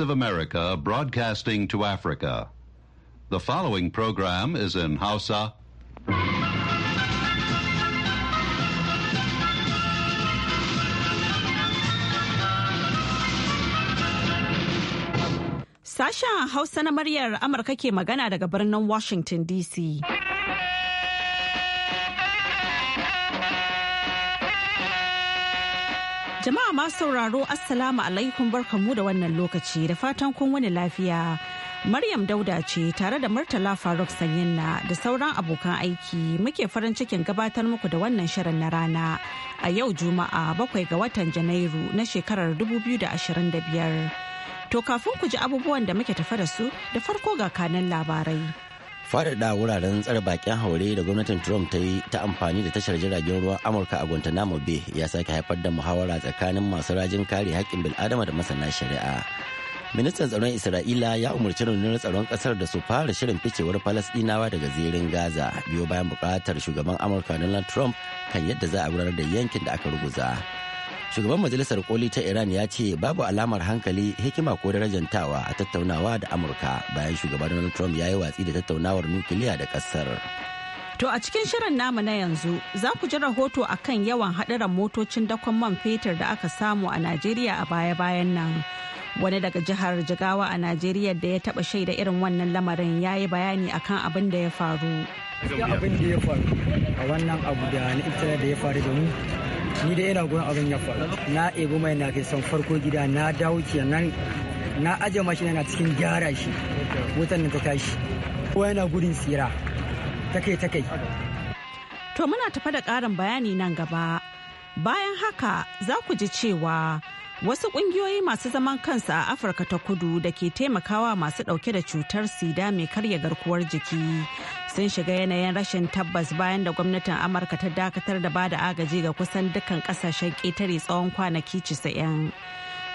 of America broadcasting to Africa. The following program is in Hausa. Sasha Hausa na muryar Amurka ke magana daga birnin Washington DC. masu sauraro Assalamu alaikum barkamu da wannan lokaci da fatan kun wani lafiya. Maryam Dauda ce tare da Murtala Faruk Sanyinna da sauran abokan aiki muke farin cikin gabatar muku da wannan shirin na rana a yau Juma'a bakwai ga watan Janairu na shekarar 2025. To kafin ku ji abubuwan da muke tafa da su da farko ga kanan labarai. faɗaɗa wuraren tsare bakin haure da gwamnatin trump ta yi ta amfani da tashar jiragen ruwan amurka a guantanamo bay ya sake haifar da muhawara tsakanin masu rajin kare haƙƙin bil'adama da masana shari'a ministan tsaron isra'ila ya umarci rundunar tsaron ƙasar da su fara shirin ficewar falasɗinawa daga zirin gaza biyo bayan buƙatar shugaban amurka donald trump kan yadda za a gudanar da yankin da aka ruguza shugaban majalisar koli ta iran ya ce babu alamar hankali hikima ko darajantawa a tattaunawa da amurka bayan shugaban donald trump ya yi watsi da tattaunawar nukiliya da kasar to a cikin shirin namu na yanzu za ku ji rahoto akan yawan haɗarin motocin dakon man fetur da aka samu a najeriya a baya-bayan nan wani daga jihar jigawa a najeriya da ya taɓa shaida irin wannan lamarin ya yi bayani akan abin da ya faru abin da ya faru a wannan abu da ya faru da mu ni da ina gudun abin ya faru na ebi mai na fi son farko gida na dawo kenan na aje mashina na cikin gyara shi wutan ta tashi kowa yana gudun tsira ta kai. to muna tafa da karin bayani nan gaba bayan haka za ku ji cewa Wasu ƙungiyoyi masu zaman kansu a Afirka ta kudu da ke taimakawa masu ɗauke da cutar sida mai karya garkuwar jiki sun shiga yanayin rashin tabbas bayan da gwamnatin Amurka ta dakatar da bada agaji ga kusan dukkan ƙasashen ƙetare tsawon kwanaki cisa'in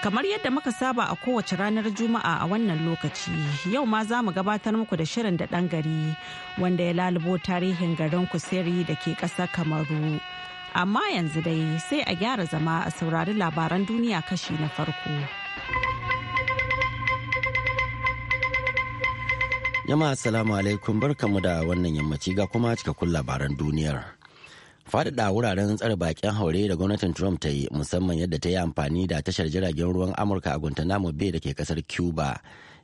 Kamar yadda muka saba a kowace ranar Juma'a a wannan lokaci, yau ma za mu gabatar muku da shirin da ɗan gari wanda ya lalubo tarihin garin Kuseri da ke ƙasar Kamaru. Amma yanzu dai sai a gyara zama a saurari labaran duniya kashi na farko. Yama salamu alaikum barkamu da wannan yammaci ga kuma cikakkun labaran duniyar. Faɗaɗa wuraren tsare bakin haure da gwamnatin Trump ta yi musamman yadda ta yi amfani da tashar jiragen ruwan Amurka a Guantanamo Bay da ke kasar Cuba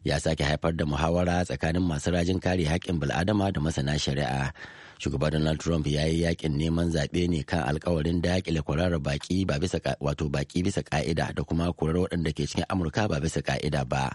ya sake haifar da muhawara tsakanin masu rajin kare haƙƙin bil'adama da masana shari'a. shugaba donald trump ya yi yakin neman zaɓe ne kan alkawarin daƙile kwararar baƙi ba bisa wato baki bisa ka'ida da kuma kurar waɗanda ke cikin amurka ba bisa ka'ida ba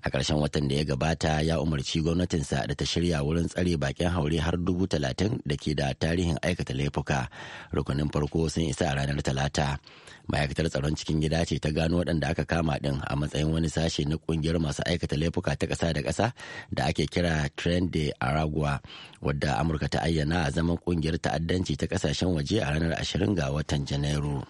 a ƙarshen watan da ya gabata ya umarci gwamnatinsa da ta shirya wurin tsare bakin haure har dubu talatin da ke da tarihin aikata laifuka rukunin farko sun isa a ranar talata ma'aikatar tsaron cikin gida ce ta gano waɗanda aka kama ɗin a matsayin wani sashe na ƙungiyar masu aikata laifuka ta ƙasa da ƙasa da ake kira trend de aragua wadda amurka ta ayyana a zaman ƙungiyar ta'addanci ta ƙasashen waje a ranar 20 ga watan janairu.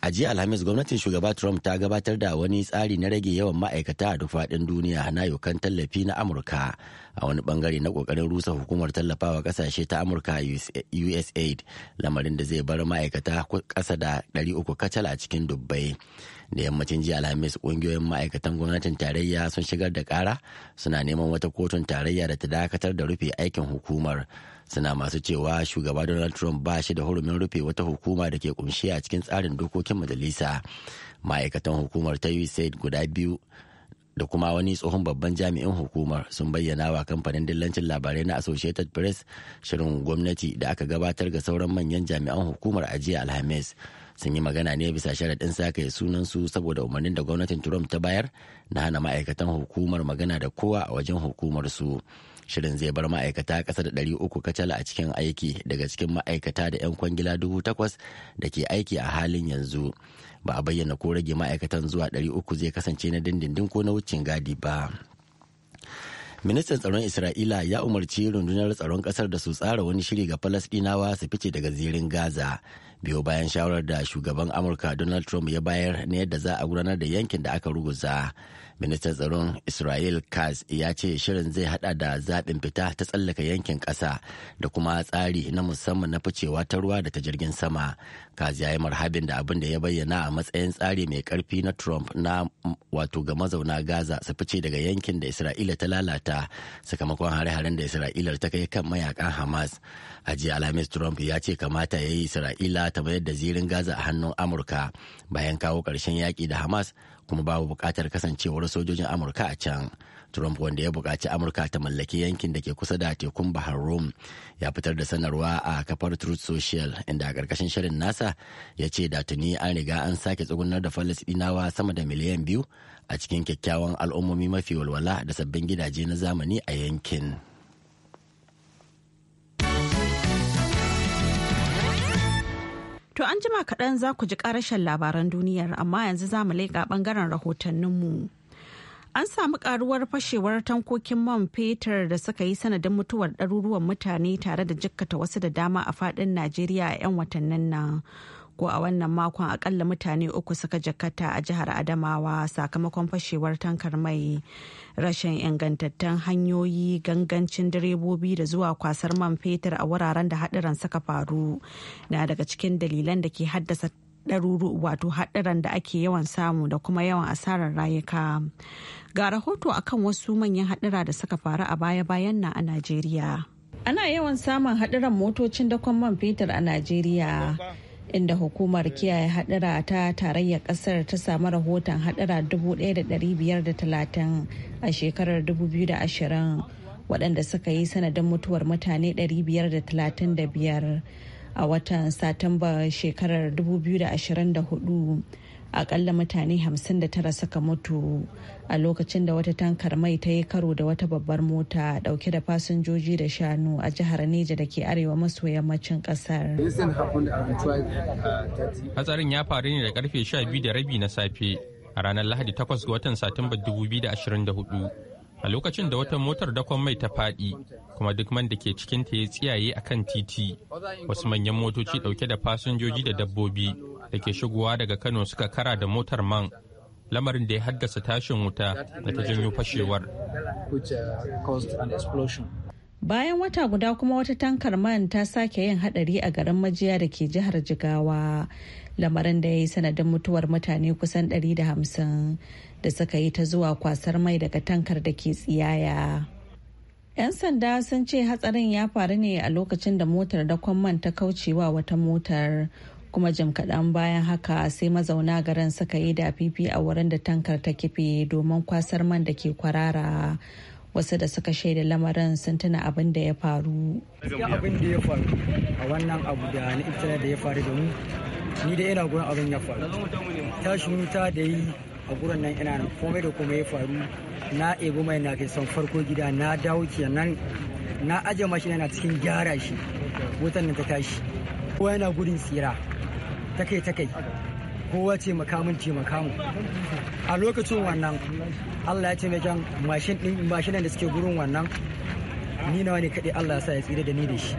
A jiya Alhamis gwamnatin shugaba Trump ta gabatar da wani tsari na rage yawan ma'aikata a duk faɗin duniya na yukan tallafi na Amurka a wani bangare na kokarin rusa hukumar tallafawa ƙasashe ta Amurka USAID lamarin da zai bar ma'aikata ƙasa da 300 kacal a cikin dubbai. Da yammacin jiya Alhamis ƙungiyoyin ma'aikatan gwamnatin tarayya sun shigar da ƙara suna neman wata kotun tarayya da ta dakatar da rufe aikin hukumar. suna masu cewa shugaba donald trump ba shi da hurumin rufe wata hukuma da ke kunshi a cikin tsarin dokokin majalisa ma'aikatan hukumar ta usaid guda biyu da kuma wani tsohon babban jami'in hukumar sun bayyana wa kamfanin dillancin labarai na associated press shirin gwamnati da aka gabatar ga sauran manyan jami'an hukumar a alhamis sun yi magana ne bisa sharaɗin sake sunansu saboda umarnin da gwamnatin trump ta bayar na hana ma'aikatan hukumar magana da kowa a wajen hukumar su. shirin zai bar ma'aikata kasa da ɗari uku kacal a cikin aiki daga cikin ma'aikata da 'yan kwangila dubu takwas da ke aiki a halin yanzu ba a bayyana ko rage ma'aikatan zuwa ɗari uku zai kasance na dindindin ko na wucin gadi ba ministan tsaron isra'ila ya umarci rundunar tsaron kasar da su tsara wani shiri ga falasdinawa su fice daga zirin gaza biyo bayan shawarar da shugaban amurka donald trump ya bayar na yadda za a gudanar da yankin da aka ruguza ministan tsaron israel kaz ya ce shirin zai hada da zaɓin fita ta tsallaka yankin ƙasa da kuma tsari na musamman na ficewa ta ruwa da ta jirgin sama kaz ya yi marhabin da abin da ya bayyana a matsayin tsari mai ƙarfi na trump na wato ga mazauna gaza su fice daga yankin da isra'ila ta lalata sakamakon hare-haren da isra'ila ta kai kan mayakan hamas a alhamis trump ya ce kamata ya yi isra'ila ta mayar da zirin gaza a hannun amurka bayan kawo ƙarshen yaƙi da hamas kuma babu bukatar kasancewar sojojin amurka a can trump wanda ya buƙaci amurka ta mallaki yankin da ke kusa da tekun bahar rum ya fitar da sanarwa a kafar truth social inda a ƙarƙashin shirin nasa ya ce da tuni an riga an sake tsugunar da falasɗinawa sama da miliyan biyu a cikin kyakkyawan al'ummomi mafi walwala da sabbin gidaje na zamani a yankin. To an jima kaɗan za ku ji ƙarashen labaran duniyar amma yanzu za mu leƙa ɓangaren rahotanninmu. An samu ƙaruwar fashewar tankokin man fetur da suka yi sanadin mutuwar ɗaruruwan mutane tare da jikkata wasu da dama a faɗin Najeriya a 'yan watannin nan. ko a wannan makon akalla mutane uku suka jakata a jihar adamawa sakamakon fashewar tankar mai rashin ingantattun hanyoyi gangancin direbobi da zuwa kwasar man fetur a wuraren da haɗuran suka faru na daga cikin dalilan da ke haddasa ɗaruru wato haɗaran da ake yawan samu da kuma yawan asarar rayuka ga rahoto akan wasu manyan haɗura da suka faru a baya-bayan na a najeriya ana yawan samun haɗuran motocin dakon man fetur a najeriya inda hukumar kiyaye hadura ta tarayyar kasar ta samu rahoton hadura 1,530 a shekarar 2020 waɗanda suka yi sanadin mutuwar mutane 535 a watan satumba shekarar 2024 akalla mutane 59 suka mutu a lokacin da wata tankar mai ta yi karo da wata babbar mota dauke da fasinjoji da shanu a jihar neja da ke arewa maso yammacin kasar uh, hatsarin ya faru ne da karfe 12 da rabi na safe a ranar lahadi 8 ga watan satumba 2024 a lokacin da wata motar dakon mai ta faɗi kuma duk man da ke ta ya tsiyaye a kan titi wasu manyan motoci ɗauke da fasinjoji da dabbobi da ke shigowa daga kano suka kara da motar man lamarin da ya haddasa tashin wuta da ta janyo fashewar bayan wata guda kuma wata tankar man ta sake yin hadari a garin majiya da ke jihar jigawa lamarin da ya yi sanadin mutuwar mutane kusan 150 da suka yi ta zuwa kwasar mai daga tankar da ke tsiyaya. 'Yan sanda sun ce hatsarin ya faru ne a lokacin da motar dakon man ta kaucewa wata motar kuma jim kaɗan bayan haka sai mazauna garin suka yi da fifi a wurin da tankar ta kife domin kwasar man da ke kwarara. wasu da suka shaida lamarin sun tuna abin da ya faru. abin da ya faru a wannan abu da na da ya faru da mu ni da ina gurin abin ya faru tashin wuta da yi a gurin nan ina nan komai da komai ya faru na ebo mai na kai son farko gida na dawo kenan na aje mashi yana cikin gyara shi wutan nan ta tashi kowa yana gudun tsira ta kai ta kai kowa ce makamun ce makamu a lokacin wannan allah ya ce mai kyan mashinan da suke gurin wannan ni na wani kaɗai allah ya sa ya tsira da ni da shi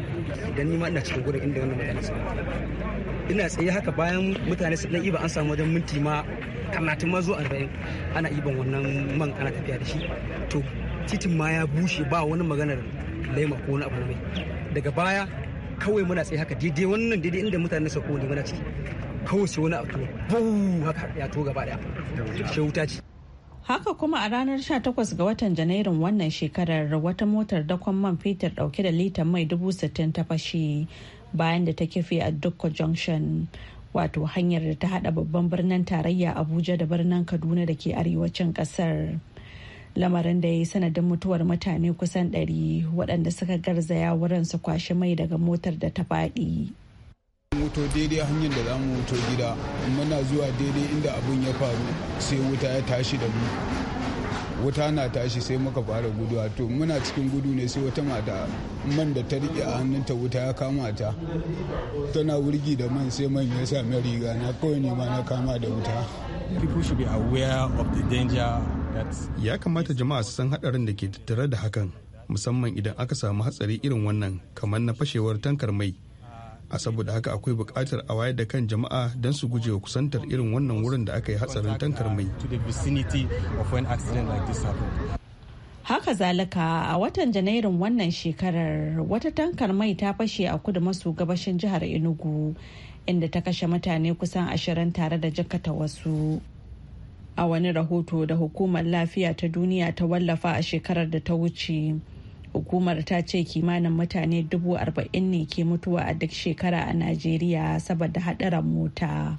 da ni ma ina cikin gurin inda wannan magana ina tsaye haka bayan mutane su ɗan iba an samu wajen minti ma kamatin ma zuwa arba'in ana iban wannan man ana tafiya da shi to titin ma ya bushe ba wani maganar laima ko wani abu na mai daga baya kawai muna tsaye haka daidai wannan daidai inda mutane sauko ne muna ciki kawai sai wani abu to haka ya to gaba daya shi wuta ce haka kuma a ranar 18 ga watan janairun wannan shekarar wata motar dakon man fetur dauke da litan mai 60,000 ta fashe bayan da ta kife a dukka junction wato hanyar da ta hada babban birnin tarayya abuja da birnin kaduna da ke arewacin kasar lamarin da ya yi sanadin mutuwar mutane kusan 100 waɗanda suka garzaya wurin su kwashe mai daga motar da ta faɗi. wuto daidai hanyar da za mu wuto gida muna zuwa daidai inda abin ya faru sai wuta ya tashi da mu wuta na tashi sai muka fara guduwa to muna cikin gudu ne sai wata mata man da ta rike a hannunta wuta ya kama ta tana wurgi da man sai man ya sami riga na kawai ne ma na kama da wuta ya kamata jama'a su san hadarin da ke tattare da hakan musamman idan aka samu hatsari irin wannan kamar na fashewar tankar mai a saboda haka akwai bukatar a wayar da kan jama'a don su guje wa kusantar irin wannan wurin da aka yi hatsarin tankar mai haka zalika a watan janairun wannan shekarar wata tankar mai ta fashe a kudu maso gabashin jihar enugu inda ta kashe mutane kusan ashirin tare da jakata wasu a wani rahoto da hukumar lafiya ta duniya ta wallafa a shekarar da ta wuce hukumar ta ce kimanin mutane dubu arba'in ne ke mutuwa a duk shekara a najeriya saboda haɗarin mota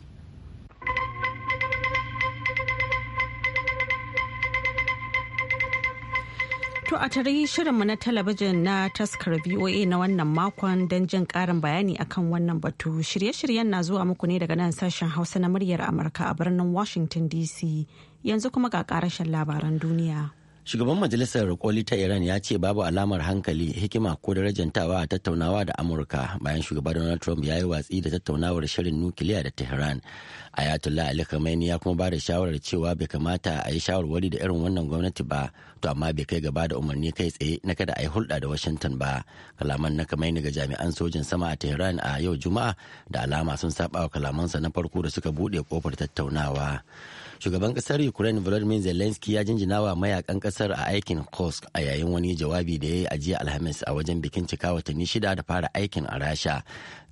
To a tarihi shirinmu na talabijin na taskar VOA na wannan makon don jin karin bayani akan wannan batu. Shirye-shiryen na zuwa muku ne daga nan sashen Hausa na muryar Amurka a birnin Washington DC. Yanzu kuma ga karashen labaran duniya. Shugaban Majalisar Koli ta Iran ya ce babu alamar hankali, hikima ko darajantawa a tattaunawa da Amurka bayan shugaban Donald Trump ya yi watsi da tattaunawar shirin nukiliya da Tehran. Ayatollah Ali Khamenei ya kuma ba da shawarar cewa bai kamata a yi shawarwari da irin wannan gwamnati ba, to amma bai kai gaba da umarni kai tsaye na kada a yi hulɗa da Washington ba. Kalaman na Khamenei ga jami'an sojin sama a Tehran a yau Juma'a da alama sun saba wa kalamansa na farko da suka buɗe kofar tattaunawa. shugaban kasar ukraine volodymyr zelensky ya jinjina wa mayakan kasar a aikin kursk a yayin wani jawabi da ya yi a jiya alhamis a wajen bikin cika watanni shida da fara aikin a rasha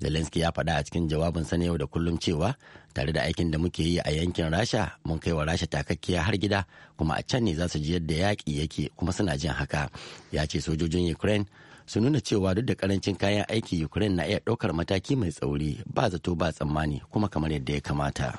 zelensky ya faɗa a cikin jawabin sa yau da kullum cewa tare da aikin da muke yi a yankin rasha mun kai wa rasha takakkiya har gida kuma a can ne za su ji yadda yaƙi yake kuma suna jin haka ya ce sojojin ukraine su nuna cewa duk da karancin kayan aiki ukraine na iya ɗaukar mataki mai tsauri ba zato ba tsammani kuma kamar yadda ya kamata.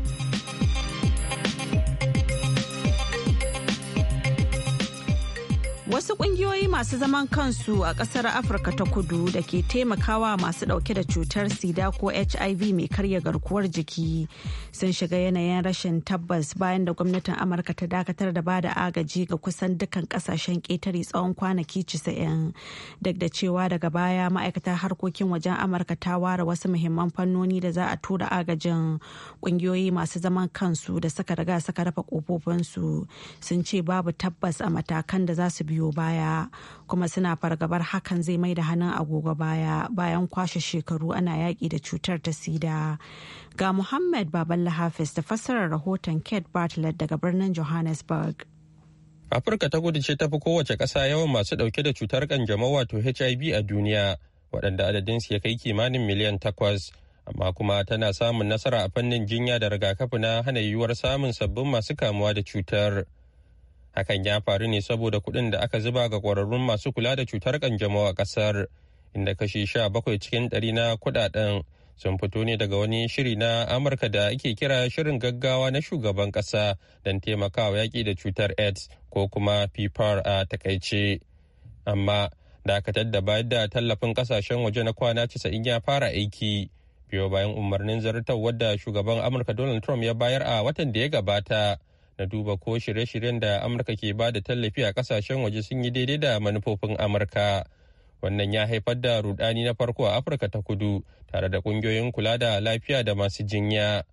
Wasu ƙungiyoyi masu zaman kansu a ƙasar Afirka ta kudu da ke taimakawa masu ɗauke da cutar sida ko HIV mai karya garkuwar jiki sun shiga yanayin rashin tabbas bayan da gwamnatin Amurka ta dakatar da bada agaji ga kusan dukkan kasashen ƙetare tsawon kwanaki 90 duk da cewa daga baya ma'aikatar harkokin wajen Amurka ta ware wasu muhimman fannoni da za a tura agajin ƙungiyoyi masu zaman kansu da suka riga suka rufe kofofinsu sun ce babu tabbas a matakan da za su biyu. biyo baya kuma suna fargabar hakan zai mai da hannun agogo baya bayan kwashe shekaru ana yaƙi da cutar ta sida ga muhammad baballa hafiz da fassarar rahoton kate bartlett daga birnin johannesburg afirka ta gudu ce tafi kowace ƙasa yawan masu ɗauke da cutar kanjamau wato hiv a duniya waɗanda adadinsu ya kai kimanin miliyan takwas amma kuma tana samun nasara a fannin jinya da rigakafi na hana yiwuwar samun sabbin masu kamuwa da cutar. Hakan ya faru ne saboda kuɗin da aka zuba ga ƙwararrun masu kula da cutar kanjamau a ƙasar, inda kashi sha bakwai cikin ɗari na kuɗaɗen sun fito ne daga wani shiri na Amurka da ake kira shirin gaggawa na shugaban ƙasa don taimakawa yaƙi da cutar AIDS ko kuma fifar a takaice. Amma dakatar da bayar da tallafin kasashen waje na kwana casa'in ya fara aiki. Biyo bayan umarnin zartar wadda shugaban Amurka Donald Trump ya bayar a watan da ya gabata. na duba ko shirye-shiryen da amurka ke ba da tallafi a kasashen waje sun yi daidai da manufofin amurka wannan ya haifar da rudani na farko a afirka ta kudu tare da kungiyoyin kula da lafiya da masu jinya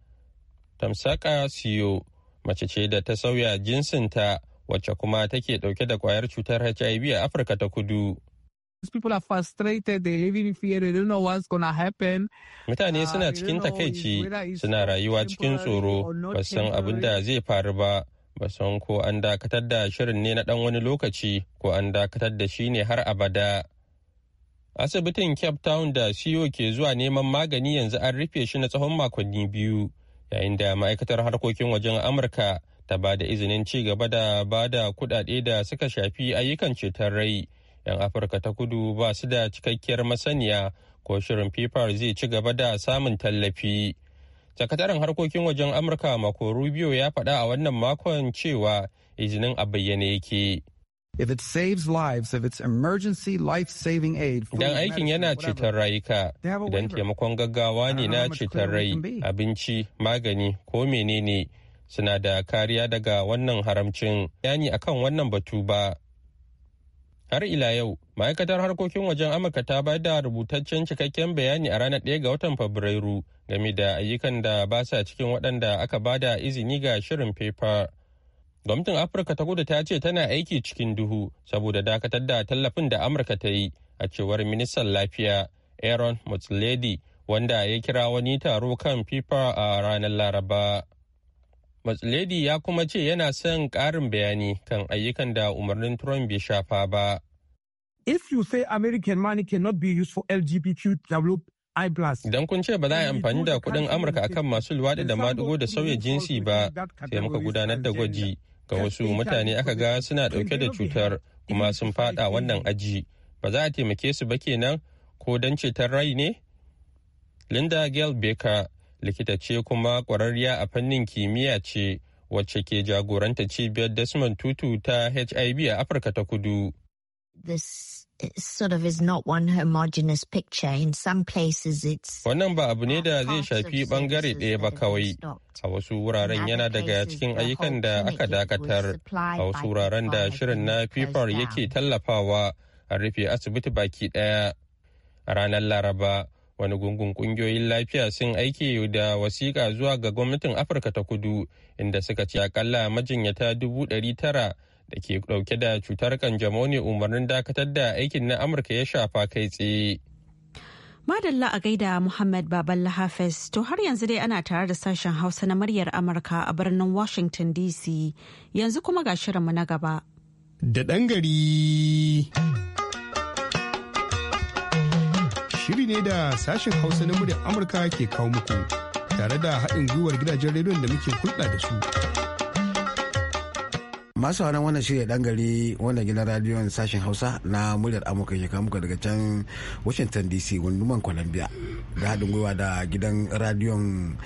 tamsaka siyo mace ce da ta sauya jinsinta wacce kuma take dauke da kwayar cutar hiv a afirka ta kudu people are frustrated they live in fear they don't know what's to happen mutane ah, suna cikin takaici suna rayuwa cikin tsoro ba san abin da zai faru ba ba san ko an dakatar da shirin ne na dan wani lokaci ko an dakatar da shi ne har abada asibitin cape town da ceo ke zuwa neman magani yanzu an rufe shi na tsawon makonni biyu yayin da ma'aikatar harkokin wajen amurka ta ba da izinin ci gaba da ba da kudade da suka shafi ayyukan ceton rai 'yan afirka ta kudu ba su da cikakkiyar masaniya ko shirin fifar zai ci gaba da samun tallafi sakataren harkokin wajen amurka mako rubio ya faɗa a wannan makon cewa izinin a bayyane yake If it emergency life-saving aid, Idan aikin yana ceton rayuka, idan taimakon gaggawa ne na ceton rai, abinci, magani ko menene suna da kariya daga wannan haramcin yani akan wannan batu ba. Har ila yau, ma'aikatar harkokin wajen Amurka ta bayar da rubutaccen cikakken bayani a ranar 1 ga watan Fabrairu game da ayyukan da ba sa cikin waɗanda aka ba da izini ga shirin fefa. Gwamnatin Afirka ta kudu ta ce tana aiki cikin duhu saboda dakatar da tallafin da Amurka ta yi a cewar ministan lafiya Aaron mutsledi wanda ya kira wani taro kan fifa a ranar Laraba. Matsaledi ya kuma ce yana son ƙarin bayani kan ayyukan da umarnin Trump bai shafa ba. If you say American money cannot be used for LGBTQ Idan kun ce ba za a yi amfani da kuɗin Amurka akan masu luwaɗi da maɗigo da sauya jinsi ba, sai muka gudanar da gwaji ga wasu mutane aka ga suna ɗauke da cutar kuma sun faɗa wannan aji. Ba za a taimake su ba kenan ko don cetar rai ne? Linda Gail Baker likita ce kuma ƙwararriya a fannin kimiyya ce wacce ke jagoranta cibiyar Desmond Tutu ta HIV a Afirka ta Kudu. Wannan ba abu ne uh, da zai shafi bangare ɗaya ba kawai. A wasu wuraren yana daga cikin ayyukan da aka dakatar, a wasu wuraren da shirin na fifar yake tallafawa a rufe asibiti baki ɗaya. A ranar Laraba, wani gungun kungiyoyin lafiya sun aike da wasiƙa zuwa ga gwamnatin afirka ta kudu inda suka ce akalla majinyata dubu ɗari tara da ke ɗauke da cutar kanjamau ne umarnin dakatar da aikin na amurka ya shafa kai tsaye Madalla a gaida Muhammad Baballa Hafiz to har yanzu dai ana tare da sashen Hausa na muryar Amurka a birnin Washington DC yanzu kuma ga shirinmu na gaba. Da ɗan gari. Shiri ne da sashen Hausa na muryar Amurka ke kawo muku tare da haɗin gwiwar gidajen rediyon da muke hulɗa da su. Masu hauran wannan shirya ɗan gari wannan gidan radiyon sashen Hausa na muryar Amurka ke kawo muku daga can Washington DC gunduman Columbia da haɗin gwiwa da gidan radiyon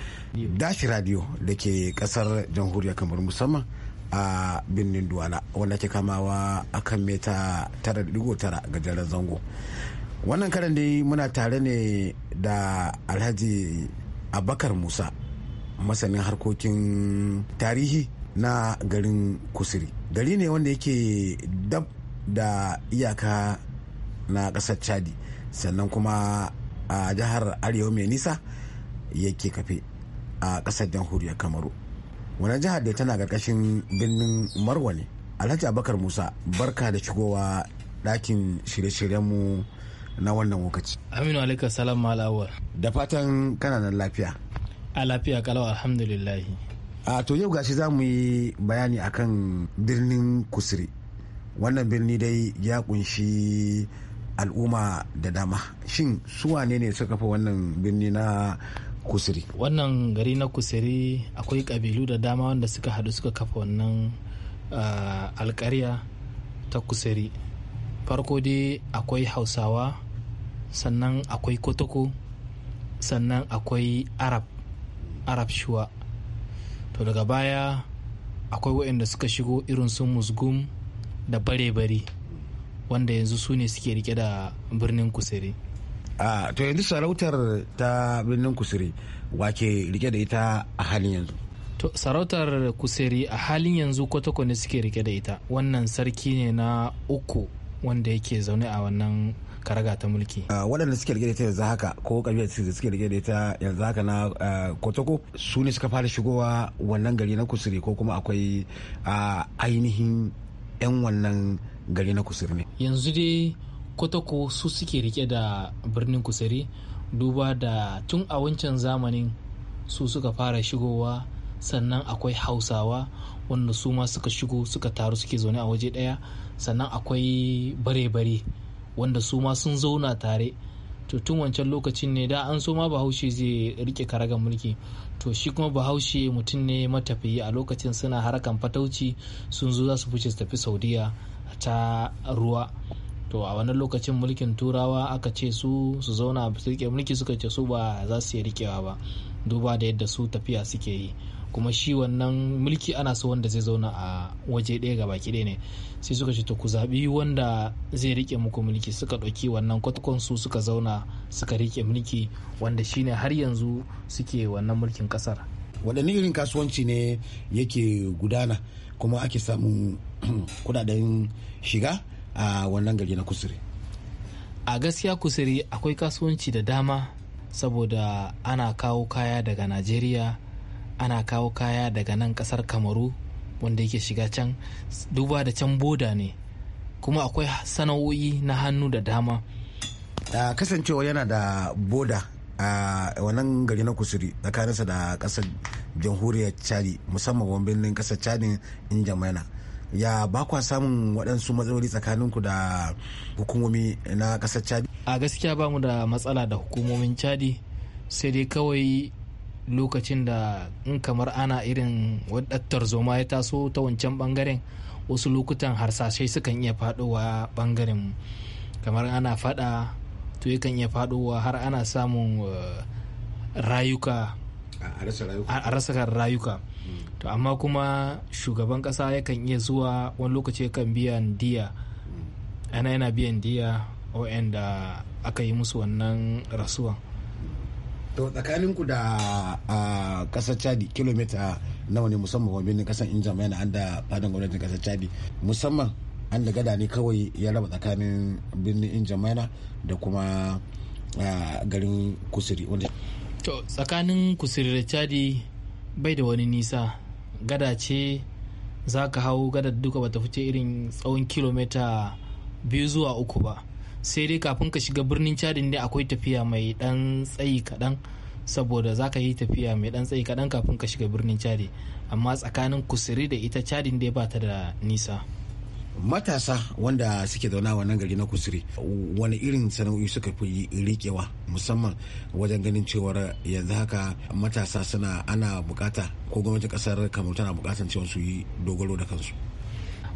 Dashi Radio da ke ƙasar jamhuriyar kamar musamman a birnin duwala wanda ke kamawa akan mita 9.9 ga gajeren zango wannan karan dai muna tare ne da alhaji abakar musa masanin harkokin tarihi na garin kusuri gari ne wanda yake dab da iyaka na ƙasar chadi sannan kuma a jihar arewa mai nisa yake kafe a ƙasar jamhuriyar kamaru wani jihar da tana ƙarƙashin birnin marwa ne alhaji abakar musa barka da shigowa ɗakin shirye-shiryenmu na wannan lokaci. Aminu alaikar salam malawar. Da fatan kana nan lafiya. A lafiya kalau alhamdulillah. A to yau gashi za mu yi bayani akan birnin Kusuri. Wannan birni dai ya kunshi al'umma da dama. Shin su wane ne suka kafa wannan birni na Kusuri? Wannan gari na Kusuri akwai kabilu da dama wanda suka haɗu suka kafa wannan uh, ta Kusuri. Farko dai akwai Hausawa sannan akwai kotoko sannan akwai arab arab shuwa to daga baya akwai waɗanda suka shigo irin su musgum da bare-bare wanda yanzu su ne suke rike da birnin kusuri a to yanzu sarautar ta birnin kusuri wake rike da ita a halin yanzu to sarautar kusuri a halin yanzu kotoko ne suke rike da ita wannan sarki ne na uku wanda yake zaune a wannan karaga ta mulki ah, waɗanda suke rike da ita yanzu haka ko da suke rike da ita yanzu haka na ah, kotoko su ne suka fara shigowa wannan gari na kusuri ko kuma akwai ah, ainihin 'yan wannan gari na kusuri ne yanzu dai kotoko su suke rike da birnin kusuri duba da tun a wancan zamanin su suka fara shigowa sannan akwai hausawa wanda su ma suka shigo suka taru suke zaune a waje ɗaya sannan akwai bare-bare wanda su ma sun zauna tare to tun wancan lokacin ne da an so ma bahaushe zai rike karagan mulki to shi kuma bahaushe mutum ne matafiyi a lokacin suna harkan fatauci sun zo za su fice su tafi saudiya ta ruwa to a wannan lokacin mulkin turawa aka ce su su zauna su rike mulki suka ce su ba za su yi rikewa ba duba da yadda su tafiya suke yi kuma shi wannan mulki ana so wanda zai zauna a waje ɗaya ga baki ɗaya ne sai suka ce to ku zaɓi wanda zai rike muku mulki suka ɗauki wannan kwatkwansu su suka zauna suka rike mulki wanda shine har yanzu suke wannan mulkin ƙasar waɗanne irin kasuwanci ne yake gudana kuma ake samun kudaden shiga a wannan gari na kusuri a gaskiya kusuri akwai kasuwanci da dama saboda ana kawo kaya daga najeriya ana kawo kaya daga nan kasar kamaru wanda yake shiga can duba da can boda ne kuma akwai sana'o'i na hannu da dama uh, kasancewa yana da boda a uh, wannan gari na kusuri tsakaninsa da kasar jamhuriyar chadi musamman birnin kasar in jamaina ya ba kwa samun waɗansu matsaloli tsakaninku da hukumomi na kasar chadi a gaskiya ba mu da matsala da hukumomin chadi sai dai kawai lokacin da in kamar ana irin wadattar zoma ya taso ta wancan bangaren wasu lokutan harsashai sukan iya fadowa bangaren kamar ana fada to yakan iya fadowa har ana samun eh, rayuka a rasa rayuka hmm. to amma kuma shugaban kasa yakan iya zuwa wani lokaci yakan biyan diya hmm. ana yana biyan diya wa'anda aka yi musu wannan rasuwan to tsakaninku da a kasar chadi kilomita nawa ne musamman wa birnin kasar injam yana an da fadin gwamnatin kasar chadi musamman an da gada ne kawai ya raba tsakanin birnin injamaina da kuma garin kusuri wanda to tsakanin kusuri da chadi bai da wani nisa gada ce za ka hau gada duka bata fice irin tsawon kilomita biyu zuwa uku ba sai dai kafin ka shiga birnin chadin dai akwai tafiya mai dan tsayi kaɗan saboda za ka yi tafiya mai dan tsayi kaɗan kafin ka shiga birnin chadi amma tsakanin kusuri da ita chadin dai ba ta da nisa matasa wanda suke zauna a wannan gari na kusuri wani irin sana'o'i suka fi riƙewa musamman wajen ganin cewar yanzu haka matasa suna ana bukata ko gwamnatin kasar kamar tana bukatan cewa su yi dogaro da kansu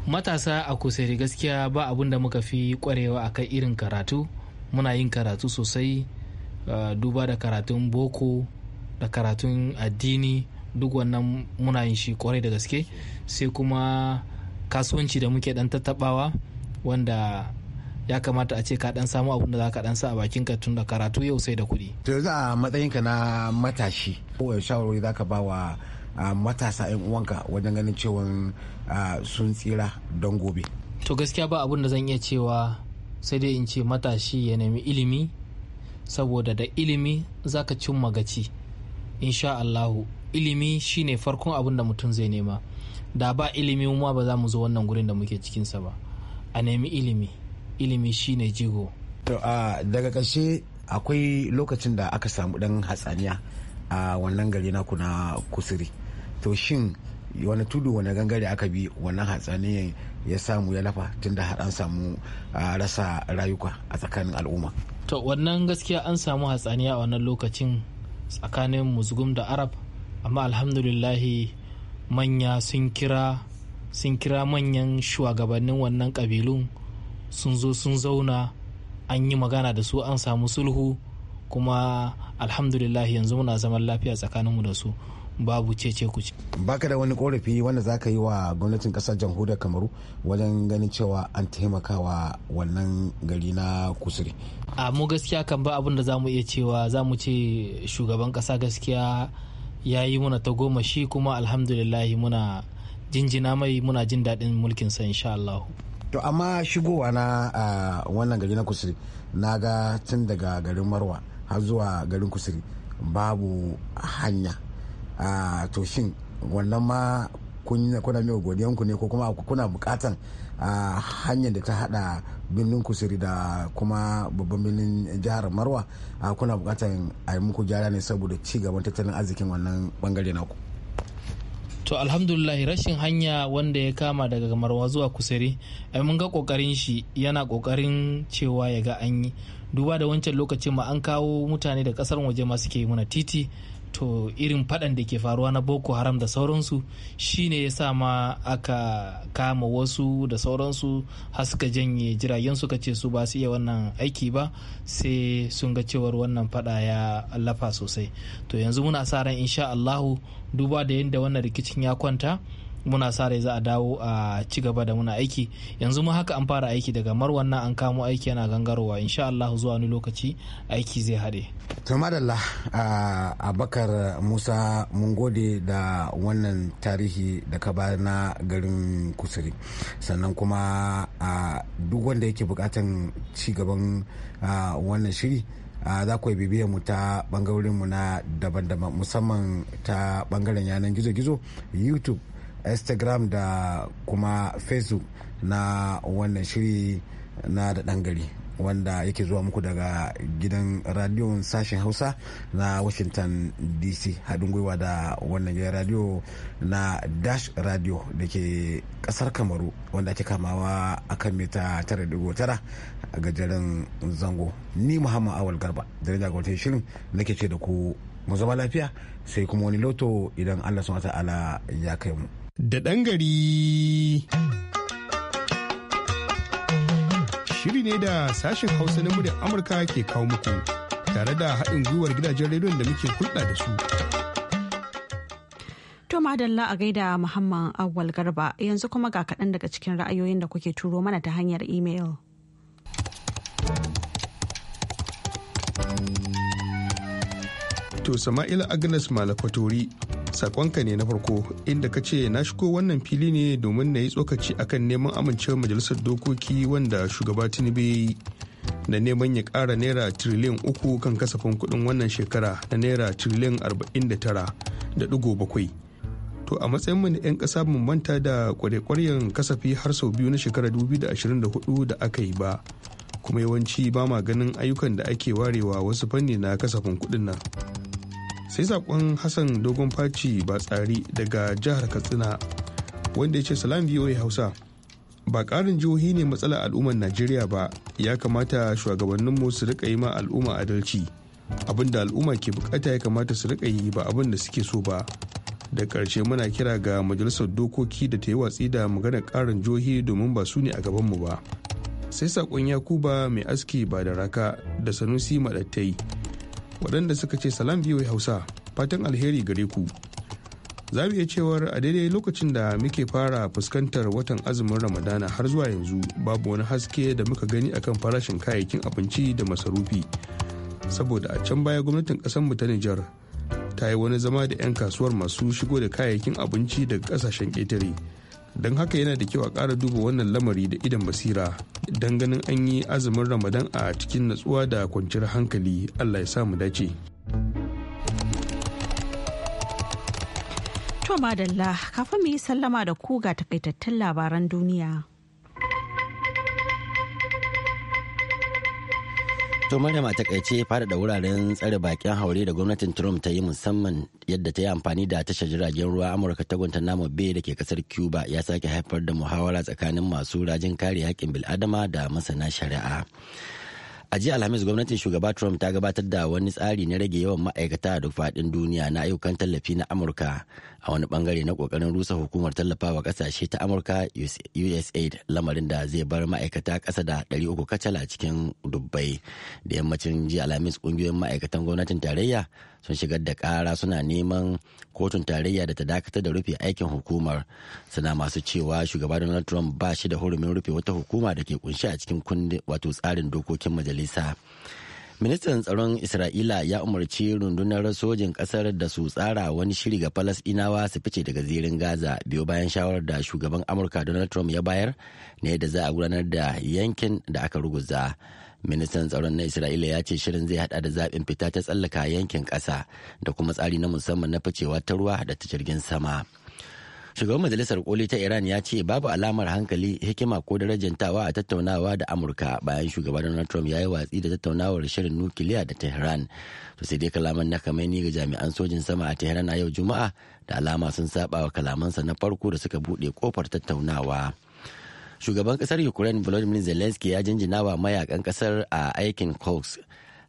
matasa a kusuri gaskiya ba abun da muka fi kwarewa a kai irin karatu muna yin karatu sosai eh, duba da karatun boko da karatun addini duk wannan muna yin shi kwarai da gaske sai kuma kasuwanci da muke dan tattabawa wanda ya kamata a ce ka dan samu abun da za ka dan sa a bakin ka tun da karatu yau sai da kuɗi. to yanzu a matsayinka na matashi ko shawarwari za ka ba wa matasa 'yan uwanka wajen ganin cewa sun tsira don gobe to gaskiya ba abin da zan iya cewa sai dai in ce matashi ya nemi ilimi saboda da ilimi za ka cin magaci insha Allahu ilimi shine farkon abin da mutum zai nema da ba ilimi ma ba za mu zo wannan gurin da muke cikinsa ba a nemi ilimi ilimi shine jigo daga ƙarshe akwai lokacin da aka samu ɗan hatsaniya a wannan gari naku na kusuri to shin wani tudu wani gangare aka bi wannan hatsaniyan ya samu ya lafa tunda da an samu rasa rayuka a tsakanin al'umma to wannan gaskiya an samu hatsaniya a wannan lokacin tsakanin musgum da arab amma alhamdulillahi manya sun kira sun kira manyan shugabannin wannan kabilun sun zo sun zauna an yi magana da su an samu sulhu kuma alhamdulillah yanzu muna zaman lafiya mu da su babu cece ce. baka da wani korafi wanda za ka yi wa gwamnatin kasar jamhuriyar kamaru wajen ganin cewa an taimaka wa wannan gari na kusuri a mu gaskiya kan ba abin da za mu iya cewa za mu ce shugaban kasa gaskiya ya yi muna ta goma shi kuma alhamdulillahi muna jinjina mai muna jin daɗin mulkin sa insha Allah. to amma shigowa na wannan gari na kusuri na ga tun daga garin marwa har zuwa garin kusuri babu hanya a to shin wannan ma kuna mai godiyanku ne ko kuma kuna bukatan hanyar da ta hada birnin kusuri da kuma babban birnin jihar marwa kuna bukatan a yi muku gyara ne saboda ci gaban tattalin arzikin wannan bangare naku to alhamdulillah rashin hanya wanda ya kama daga marwa zuwa kusuri ai mun ga kokarin shi yana kokarin cewa ya ga an yi duba da wancan lokacin ma an kawo mutane da kasar waje ma suke muna titi to irin faɗan da ke faruwa na boko haram da sauransu shine ya sa ma aka kama wasu da sauransu har suka janye jiragen suka ce su ba su iya wannan aiki ba sai sun ga cewar wannan faɗa ya lafa sosai to yanzu muna sa ran insha allahu duba da yadda wannan rikicin ya kwanta muna sa rai za a dawo a ci gaba da muna aiki yanzu mu haka an fara aiki daga marwan nan an kamo aiki yana gangarowa insha Allah zuwa wani lokaci aiki zai haɗe. to madalla abakar musa mun gode da wannan tarihi da ka bayar na garin kusuri sannan kuma duk wanda yake bukatan ci gaban wannan shiri za ku bibiyan mu ta mu na daban-daban musamman ta bangaren yanar gizo-gizo youtube instagram da kuma facebook na wannan shiri na da ɗan gari wanda yake zuwa muku daga gidan radiyon sashen hausa na washington dc haɗin gwiwa da wannan gidan radio na dash radio da ke ƙasar kamaru wanda ake kamawa akan mita 9.9 a gajeren zango ni muhammad awal garba da jagorantar shirin nake ce da ku mu zama lafiya sai kuma wani loto idan allah subhanahu ta'ala ya kai mu da ɗan gari. Shiri ne da sashen Hausa na muryar Amurka ke kawo muku tare da haɗin gwiwar gidajen rediyon da muke hulɗa da su. To madalla a gaida Muhammad Awal Garba yanzu kuma ga kaɗan daga cikin ra'ayoyin da kuke turo mana ta hanyar imel. To Sama'ila Agnes Malafatori sakonka ne na farko inda ka ce na shigo wannan fili ne domin na yi tsokaci akan neman amincewar majalisar dokoki wanda shugaba tinubu ya yi na neman ya kara naira tiriliyan uku kan kasafin kuɗin wannan shekara na naira tiriliyan arba'in da tara da ɗigo bakwai to a matsayin mu na 'yan ƙasa mun manta da kwarekwaryen kasafi har sau biyu na shekarar 2024 da aka yi ba kuma yawanci ba ma ganin ayyukan da ake warewa wasu fanni na kasafin kuɗin nan sai sakon hassan dogon faci ba tsari daga jihar katsina wanda ya ce salam voa hausa ba ƙarin jihohi ne matsalar al'ummar najeriya ba ya kamata shugabanninmu su rika yi ma al'umma adalci abin da al'umma ke bukata ya kamata su rika yi ba abin da suke so ba da ƙarshe muna kira ga majalisar dokoki da ta yi watsi da magana ƙarin jihohi domin ba su ne a gabanmu ba sai saƙon yakuba mai aski ba da raka da sanusi maɗattai waɗanda suka ce salam biyu hausa fatan alheri gare ku za mu iya cewar a daidai lokacin da muke fara fuskantar watan azumin ramadana har zuwa yanzu babu wani haske da muka gani akan farashin kayayyakin abinci da masarufi saboda a can baya gwamnatin mu ta nijar ta yi wani zama da 'yan kasuwar masu shigo da kayayyakin abinci daga kasashen ƙetare don haka yana da kyau a ƙara duba wannan lamari da idan basira don ganin an yi azumin ramadan a cikin natsuwa da kwanciyar hankali allah ya samu dace to madalla kafin mu yi sallama da ku ga takaitattun labaran duniya To Maryam a takaice faɗaɗa wuraren tsare bakin haure da gwamnatin Trump ta yi musamman yadda ta yi amfani da tashar jiragen ruwa Amurka ta Guantanamo Bay da ke kasar Cuba ya sake haifar da muhawara tsakanin masu rajin kare haƙƙin bil'adama da masana shari'a. a jiya alhamis gwamnatin shugaba trump ta gabatar da wani tsari na rage yawan ma'aikata a duk faɗin duniya na ayyukan tallafi na amurka a wani bangare na kokarin rusa hukumar tallafawa ƙasashe ta amurka usa lamarin da zai bar ma'aikata ƙasa da 300 kacal a cikin dubbai da yammacin jiya alhamis ƙungiyoyin ma'aikatan gwamnatin tarayya sun shigar da kara suna neman kotun tarayya da ta dakatar da rufe aikin hukumar suna masu cewa shugaba donald trump ba shi da hurumin rufe wata hukuma da ke kunshi a cikin kundin wato tsarin dokokin majalisa ministan tsaron isra'ila ya umarci rundunar sojin kasar da su tsara wani shiri ga falasdinawa su fice daga zirin gaza biyo bayan shawarar da shugaban amurka donald trump ya bayar na da za a gudanar da yankin da aka ruguza. ministan tsaron na isra'ila ya ce shirin zai hada da zaɓin fita ta tsallaka yankin ƙasa da kuma tsari na musamman na ficewa ta ruwa da ta jirgin sama shugaban majalisar koli ta iran ya ce babu alamar hankali hikima ko darajantawa a tattaunawa da amurka bayan shugaban donald trump ya yi watsi da tattaunawar shirin nukiliya da tehran to sai dai kalaman na kamaini ga jami'an sojin sama a tehran a yau juma'a da alama sun saba wa kalamansa na farko da suka buɗe kofar tattaunawa shugaban kasar ukraine volodymyr zelensky ya jinjina wa mayakan kasar a aikin cox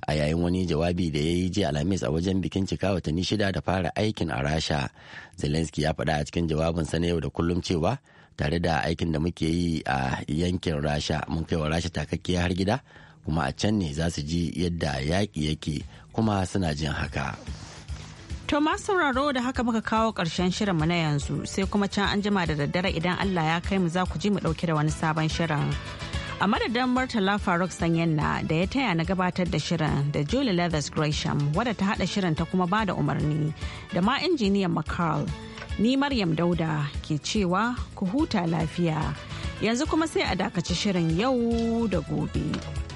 a yayin wani jawabi da ya yi jiya alhamis a wajen bikin cika watanni shida da fara aikin a rasha zelensky ya faɗa a cikin jawabin na yau da kullum cewa tare da aikin da muke yi a yankin rasha mun kai wa rasha takakkiya har gida kuma a can ne za su ji yadda yaƙi yake kuma suna jin haka. To masu sauraro da haka muka kawo ƙarshen shirinmu na yanzu sai kuma can an jima da daddare idan Allah ya kai mu za ku ji mu ɗauki da wani sabon shirin. A madadin Murtala Faruk Sanyanna da ya taya na gabatar da shirin da Julie Leathers Gresham wadda ta haɗa shirin ta kuma ba da umarni da ma injiniyan McCarl. Ni Maryam Dauda ke cewa ku huta lafiya. Yanzu kuma sai a dakaci shirin yau da gobe.